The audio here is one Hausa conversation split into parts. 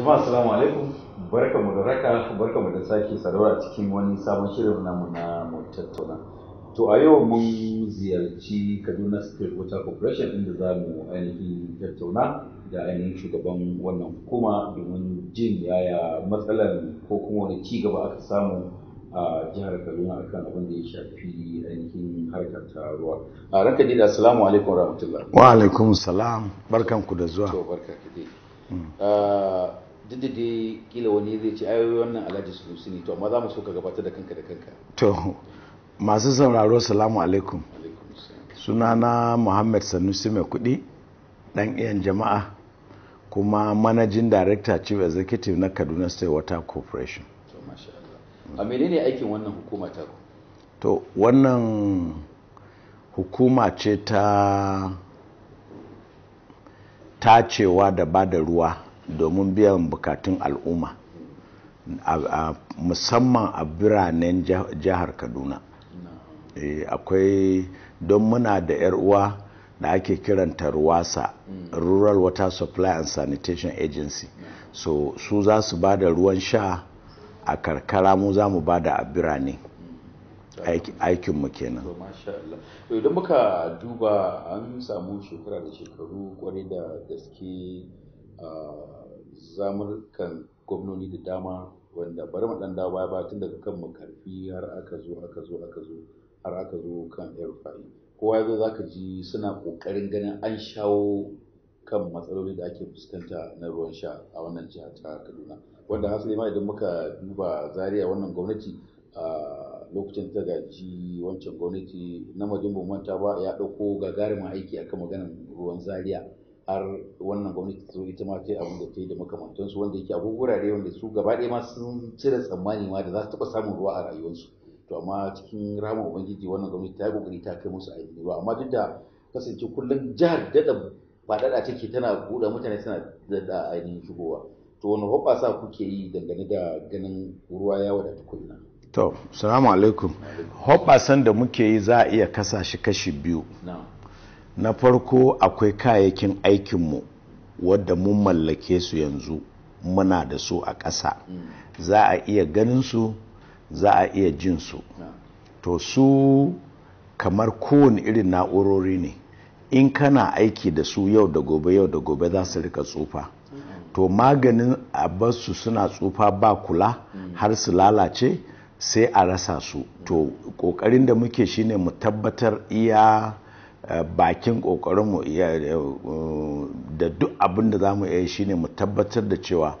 jama'a assalamu alaikum barkamu da raka barkamu da sake saduwa cikin wani sabon shirin namu na mu tattauna to a yau mun ziyarci Kaduna State Water Corporation inda za mu ainihin tattauna da ainihin shugaban wannan hukuma domin jin yaya matsalar ko kuma wani ci gaba aka samu a jihar Kaduna akan abin da ya shafi ainihin harkar ta ruwa. A ranka da assalamu alaikum rahmatullah. Wa alaikum salam barkanku da zuwa. To barka ka dai. duk da kila wani zai ce ayoyi wannan alhaji su ne to amma za mu so ka gabatar da kanka da kanka to masu sauraro salamu alaikum Suna na muhammad sanusi mai kudi dan iyan jama'a kuma managing director chief executive na kaduna state water corporation a menene aikin wannan hukuma ta to wannan hukuma ce ta tacewa da ba da ruwa domin biyan bukatun al'umma musamman a biranen jihar kaduna eh, akwai don muna da 'yar uwa da ake kiranta ruwasa rural water supply and sanitation agency so su za su ba da ruwan sha a karkara mu za mu ba da a birane aikinmu kenan idan muka duba an samu shekara da shekaru kwarai da gaske ah, zamurkan gwamnoni da dama wanda bari mu dan dawo baya tun daga kan makarfi har aka zo aka zo aka zo har aka zo kan erfa'i kowa ya zo zaka ji suna kokarin ganin an shawo kan matsaloli da ake fuskanta na ruwan sha a wannan jiha ta Kaduna wanda hasali ma idan muka duba Zariya wannan gwamnati a lokacin ta gaji wancan gwamnati na majin manta ba ya dauko gagarumin aiki akan maganar ruwan Zariya. har wannan gwamnati ta zo ita ma ta yi abin da ta yi da makamantansu wanda yake abu wurare wanda su gaba ɗaya ma sun cire tsammani ma da za su taɓa samun ruwa a rayuwarsu to amma cikin ramar ubangiji wannan gwamnati ta yi kokari ta kai musu aiki ruwa amma duk da kasance kullum jihar daɗa faɗaɗa take tana buɗe mutane suna da ainihin shigowa to wani hoɓasa kuke yi dangane da ganin ruwa ya wadata kullum to salamu alaikum hoɓasan da muke yi za a iya kasa shi kashi biyu no. na farko akwai kayayyakin aikinmu wadda mun mallake su yanzu muna da su a ƙasa mm. za a iya ganin su za a iya jin su to su kamar kowane irin na'urori ne in kana aiki da su yau da gobe yau da gobe za su rika tsufa mm. to maganin a su suna tsufa ba kula mm. har su lalace sai a rasa su to kokarin da muke shine mu tabbatar iya Eh, bakin ƙoƙarinmu eh, da duk abin da za mu iya shine mu tabbatar da cewa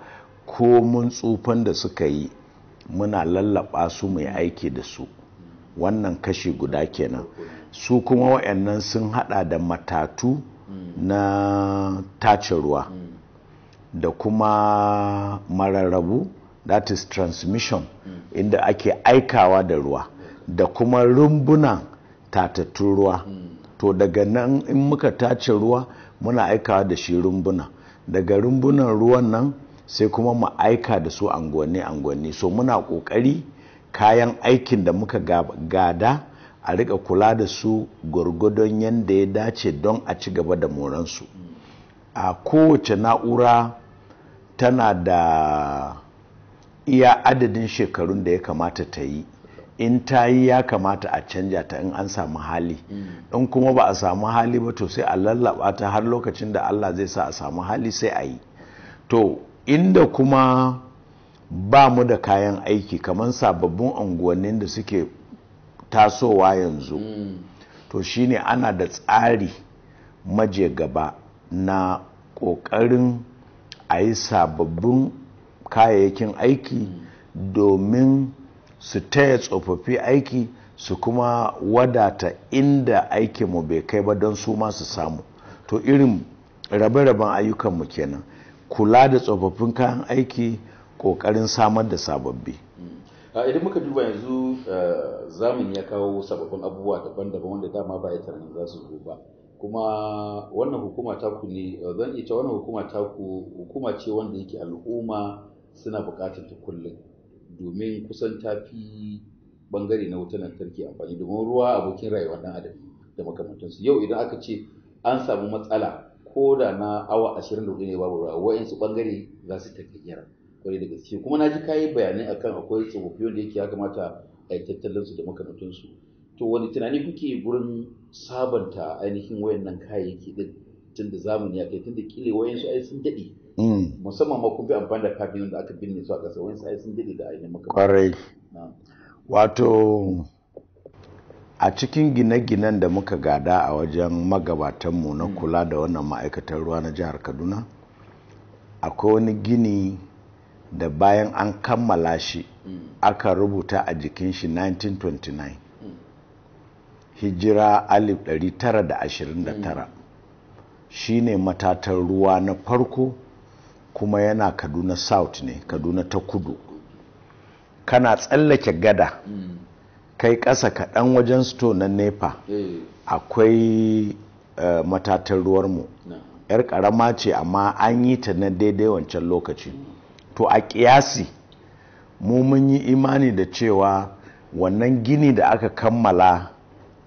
ko mun tsufan da suka yi muna lallaba su mai aiki da su wannan kashi guda kenan su kuma wa'annan sun hada da matatu na tace ruwa da kuma mararrabu that is transmission inda ake aikawa da ruwa da kuma rumbunan tatattun ruwa to daga nan in muka tace ruwa muna aikawa da shi rumbuna daga rumbunan ruwan nan sai kuma mu aika da su angonni angonni so muna ƙoƙari kayan aikin da muka gada a riƙa kula da su gwargwadon yadda ya dace don a ci gaba da moransu a kowace na'ura tana da iya adadin shekarun da ya kamata ta yi in ta yi ya kamata a canja ta in an samu hali mm. in kuma ba a samu hali ba to sai a lallaba ta har lokacin da Allah zai sa a samu hali sai a yi to inda kuma ba mu da kayan aiki kamar sababbin unguwannin da suke tasowa yanzu to mm. to shine ana da tsari maje gaba na ƙoƙarin a yi sababbin kayayyakin aiki mm. domin su taya tsofaffi aiki su kuma wadata inda aikinmu bai kai ba don su ma su samu to irin rabe-raben ayyukanmu kenan kula da tsofaffin kayan aiki ƙoƙarin samar da sababbi mm. idan muka duba yanzu eh, zamani ya kawo sababbin abubuwa daban-daban wanda dama ba ya tunanin za su zo ba kuma wannan hukuma taku ne eh, zan iya wannan hukuma taku hukuma ce wanda yake al'umma suna bukatar ta kullum domin kusan ta fi bangare na wutan lantarki amfani domin ruwa abokin rayuwa dan adam da makamantansu yau idan aka ce an samu matsala ko da na awa 24 ne babu ruwa wa'insu bangare za su tafi yara. kwarai da gaske kuma na ji kayi bayanai akan akwai tsofaffi wanda yake ya kamata a yi tattalin da makamantansu to wani tunani kuke gurin sabanta ainihin wayannan kayayyaki din tun da zamani ya kai tun da kile wayansu ai sun daɗe Mm. musamman ma kun fi amfani da kafin da aka binne su a ƙasa wani sai sun dade da ainihin maka kwarai wato a cikin gine-ginen da muka gada a wajen magabatanmu na mm. kula da wannan ma'aikatar ruwa na jihar kaduna akwai wani gini da bayan an kammala shi mm. aka rubuta a jikin shi 1929 hijira 1929 shine matatan ruwa na farko kuma yana kaduna south ne kaduna ta kudu kana tsallake gada kai ƙasa kaɗan wajen sto na nepa eh. akwai matatan eh, matatar ruwarmu yar ƙarama ce amma an yi ta na daidai wancan lokaci to a ƙiyasi mu mun yi imani da cewa wannan gini da aka kammala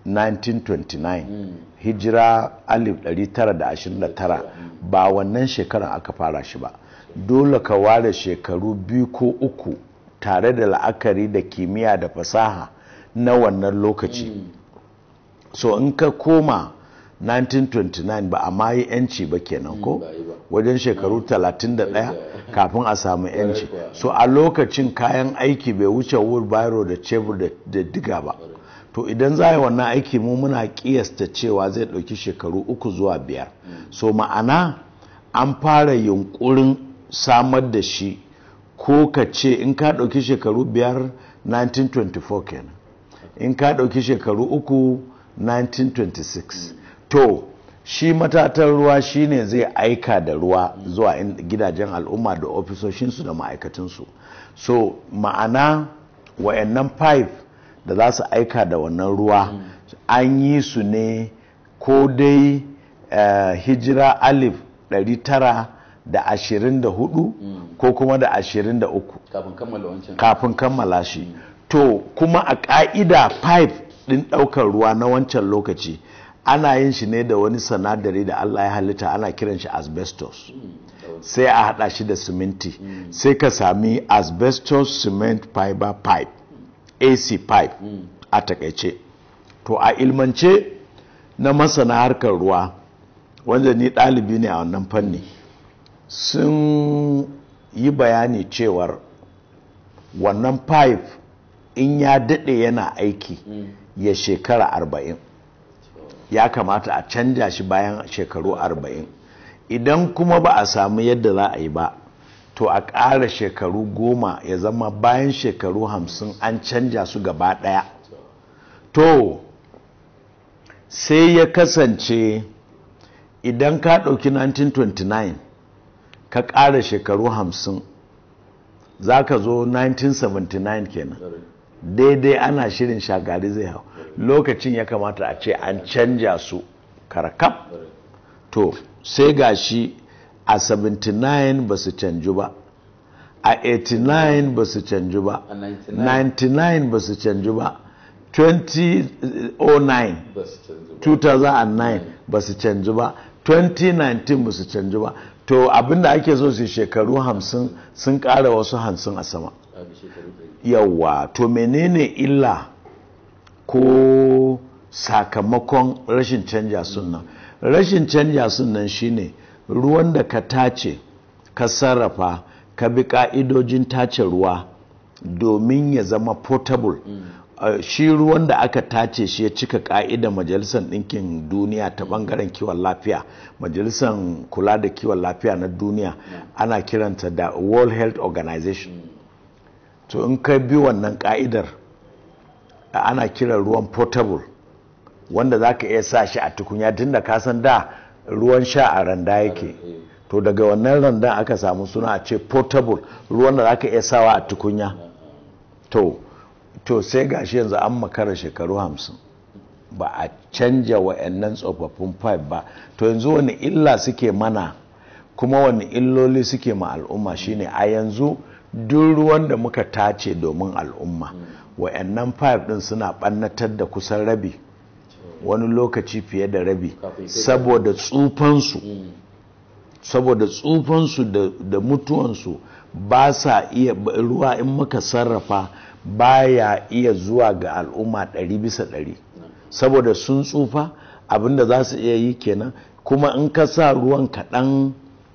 1929 mm. hijira 1929 ba wannan shekaran aka fara shi ba dole ka ware shekaru biyu ko uku tare da la'akari da kimiyya da fasaha na wannan lokaci mm. so in ka koma 1929 ba a ma yi yanci ba kenan ko mm, wajen shekaru 31 kafin a samu yanci so a lokacin kayan aiki bai wuce wheelbarrow da cebur da diga ba to idan za a yi wannan aiki mu muna kiyasta cewa zai ɗauki shekaru uku zuwa biyar so ma'ana an fara yunkurin samar da shi ko ka ce in ka ɗauki shekaru biyar 1924 kenan in ka ɗauki shekaru uku 1926 to shi matatan ruwa shine zai aika da ruwa zuwa gidajen al'umma da ofisoshinsu da ma'aikatansu so ma'ana wayannan pipe da za su aika da wannan ruwa an yi su ne ko dai eh, hijira alif 924 mm. ko kuma da 23 kafin kammala shi mm. to kuma a ka'ida 5 din ɗaukar ruwa na wancan lokaci ana yin shi ne da wani sanadari da Allah ya halitta ana kiran shi asbestos mm. sai a hada shi da siminti sai ka sami asbestos cement fiber pipe ac5 a takaice to a ilmance na masana harkar ruwa wanda ni ɗalibi ne a wannan fanni sun yi bayani cewar wannan pipe in ya daɗe yana aiki ya shekara arba'in ya kamata a canja shi bayan shekaru arba'in idan kuma ba a samu yadda za a yi ba to a ƙara shekaru goma ya zama bayan shekaru hamsin an canja su gaba ɗaya to sai ya kasance idan ka ɗauki 1929 ka ƙara shekaru hamsin za ka zo 1979 kenan daidai ana shirin shagari zai hau lokacin ya kamata a ce an canja su karakam to sai gashi a 79 ba su canju ba a 89 ba su canju ba 99 ba su canju ba 2009 ba su canju ba 2019 ba su canju ba to abinda ake so su shekaru 50 sun ƙara wasu 50 a sama yawa to menene illa ko sakamakon rashin canja sunan rashin canja sunan shine ruwan da ka tace ka sarrafa ka bi ka'idojin tace ruwa domin ya zama portable mm. eh, shi ruwan da aka tace shi ya cika ka'ida majalisar ɗinkin duniya ta ɓangaren kiwon lafiya majalisar kula da kiwon lafiya na duniya mm. ana kiranta da world health organization mm. to in ka bi wannan ka'idar ana kiran ruwan portable wanda za ka iya sa shi a tukunya tun da ka san da ruwan sha a randa yake eh. to daga wannan randan aka samu suna a ce portable ruwan da aka iya sawa a tukunya eh. to to sai gashi yanzu an makara shekaru hamsin ba a canja wa'annan tsofaffin pipe ba to yanzu wani illa suke mana kuma wani illoli suke ma al'umma hmm. shine a yanzu duk ruwan da muka tace domin al'umma hmm. wa'annan pipe din suna ɓannatar da kusan rabi wani lokaci fiye da rabi hmm. saboda tsufansu saboda tsufansu da mutuwansu ba sa iya ruwa in muka sarrafa baya iya zuwa ga al'umma ɗari bisa ɗari saboda sun tsufa abinda za su iya yi kenan kuma in ka sa ruwan kaɗan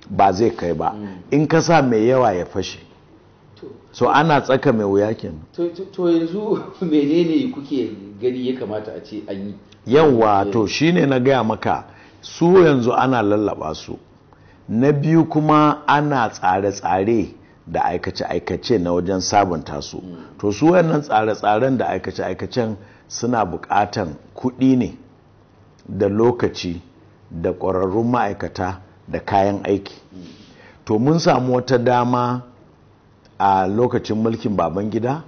ba zai kai ba hmm. in ka sa mai yawa ya fashe so ana tsaka mai wuya kenan to yanzu menene kuke gani ya kamata a ce an yi yawa eh. to shine na gaya maka su yanzu ana lallaba su na biyu kuma ana tsare-tsare da aikace-aikace na wajen sabunta su hmm. to su wannan tsare-tsaren da aikace-aikacen suna bukatan kuɗi ne da lokaci da ƙwararrun ma'aikata da kayan aiki hmm. to mun samu wata dama a lokacin mulkin baban gida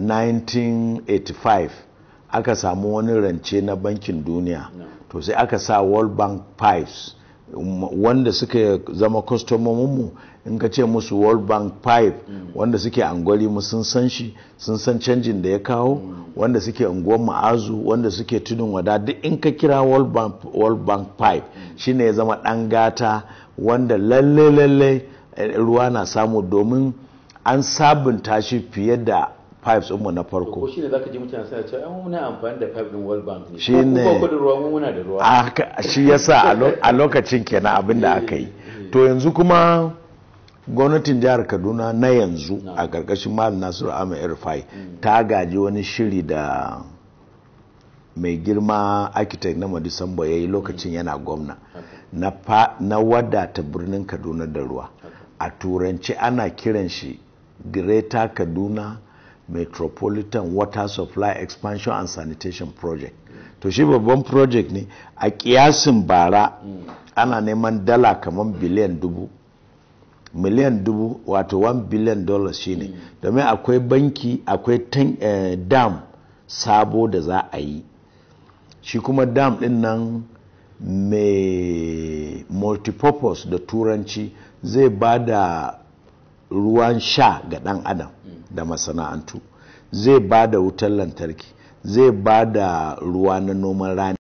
1985 aka samu wani rance na bankin duniya to sai aka sa world bank pipes wanda suka zama kwastomominmu in ka ce musu world bank pipe wanda suke angoli mu sun san shi sun san canjin da ya kawo wanda suke unguwar ma'azu wanda suke tunin wada duk in ka kira world bank, world bank pipe shine ya zama dan gata wanda lalle lalle eh, ruwa na samu domin an sabunta shi fiye da pipes mu na farko shi ne zaka ji mutane suna cewa mu muna amfani da pipe din World Bank ne shi ne ko da ruwa mu muna da ruwa shi yasa a lokacin kenan abin da aka yi eh, eh. to yanzu kuma gwamnatin jihar Kaduna na yanzu a karkashin Mal Nasiru Ahmed Irfai mm. ta gaji wani shiri da mai girma architect na Madison Boye mm. lokacin yana gwamna na na wadata birnin Kaduna da ruwa a turanci ana kiran shi Greater Kaduna metropolitan water supply expansion and sanitation project to shi babban project ne a kiyasin bara ana neman dala kamar biliyan dubu miliyan dubu wato 1 biliyan dollars shine domin akwai banki akwai eh, dam sabo da za a yi shi kuma dam din nan mai multipurpose da turanci zai ba da ruwan sha ga ɗan adam da masana'antu zai ba da wutar lantarki zai ba da ruwa na noman rani